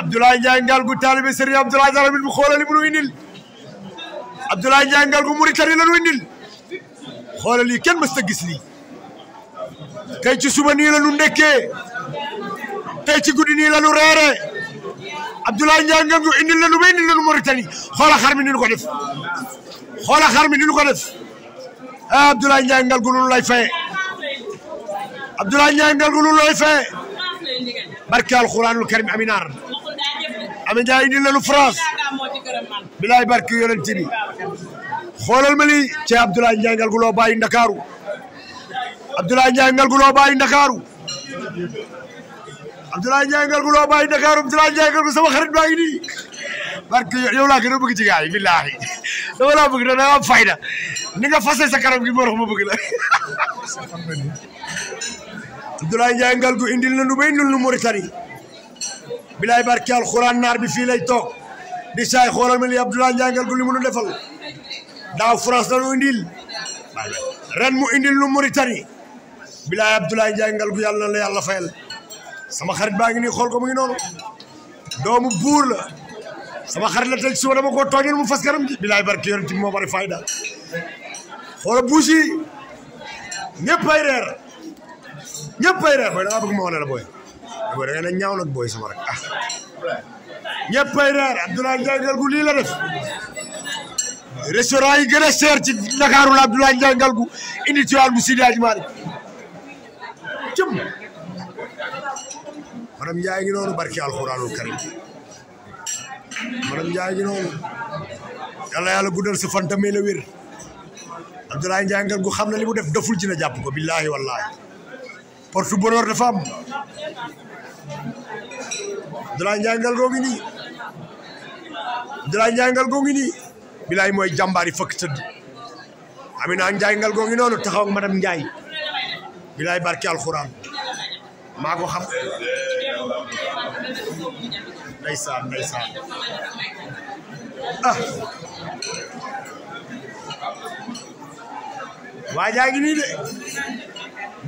Abdoulaye Ndiaye Ngalgou taalibe Serigne Abdoulaye Ndiaye bi xoolal li mu nu indil Abdoulaye Ndiaye Ngalgou Mauritanie la nu kenn mësta gis lii ci suba nii la nu ndekkee tey ci guddi nii la nu reere Abdoulaye Ndiaye Ngalgou indil la nu ba indil la nu lu eh, lay fay Abdoulaye Ndiaye Ngalgou lu lay fay barke alxuraanul karim ami naar Ami Njaay indi lanu France bilaay barke yonent bi xoolal ma lii cee Abdoulaye Ndiaye ngal gu loo bàyyi Ndakaaru Abdoulaye Ndiaye ngal gu loo bàyyi Ndakaaru Abdoulaye Ndiaye ngal gu loo bàyyi Ndakaaru Abdoulaye Ndiaye ngal gu sama xarit baa ngi nii barke yow laa gën a bëgg ci gaay yi billaahi dama laa bëgg da am fayda ni nga fase sa kanam gi moo tax ma bëgg la. Abdoulaye Ndiaye ngal gu indil na nu bay indil nu Mauritanie. bilaay barki alxuraan naar bi fii lay toog di saay xoolal ma li Abdoulaye Ndiaye ngal gu li mu nu defal daaw France la nu indil ren mu indil nu Mauritanie. bilaay Abdoulaye Ndiaye ngal gu yàlla na la yàlla fayal sama xarit baa ngi nii xool ko mu ngi noonu doomu buur la. sama xarit la tey suba dama koo tooñoon mu fas kanam ji. bilaay barke yoon ci moo bari fayda xoola buus yi ñëpp ay reer ñëpp ay reer booy da ngaa bëgg ma wane la booy booy da ne ñaaw nag booy sama rek ah ñëpp ay reer Abdoulaye Ndiaye Ngalgou lii la def restaurant yi gën a cher ci Ndakaaru la Abdoulaye Ndiaye Ngalgou indi ci waan bu Sidi Hadji Malick cëm madame Ndiaye ngi noonu barki alxuraanul karim madame Ndiaye gi noonu yàlla yàlla guddal sa fan tamit la wér Abdoulaye gu xam na li def doful ci na jàpp ko billaahi wallaahi porte bonheur dafa ngal goo ngi nii ngal goo ngi mooy jàmbaar yi fëkk tëdd Amina njaay ngal goo ngi noonu taxaw ak madame alxuraan maa ko xam ndeysaan ah. waa jaa ngi nii de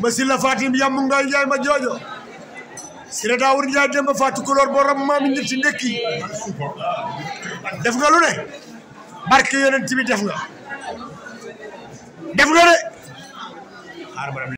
masi la fatim yambu ngay njaay ma joojo sira daawur njaay demba fatu kolor borom maami nit ci ndekki def nga lu ne barke yonent bi def nga def nga de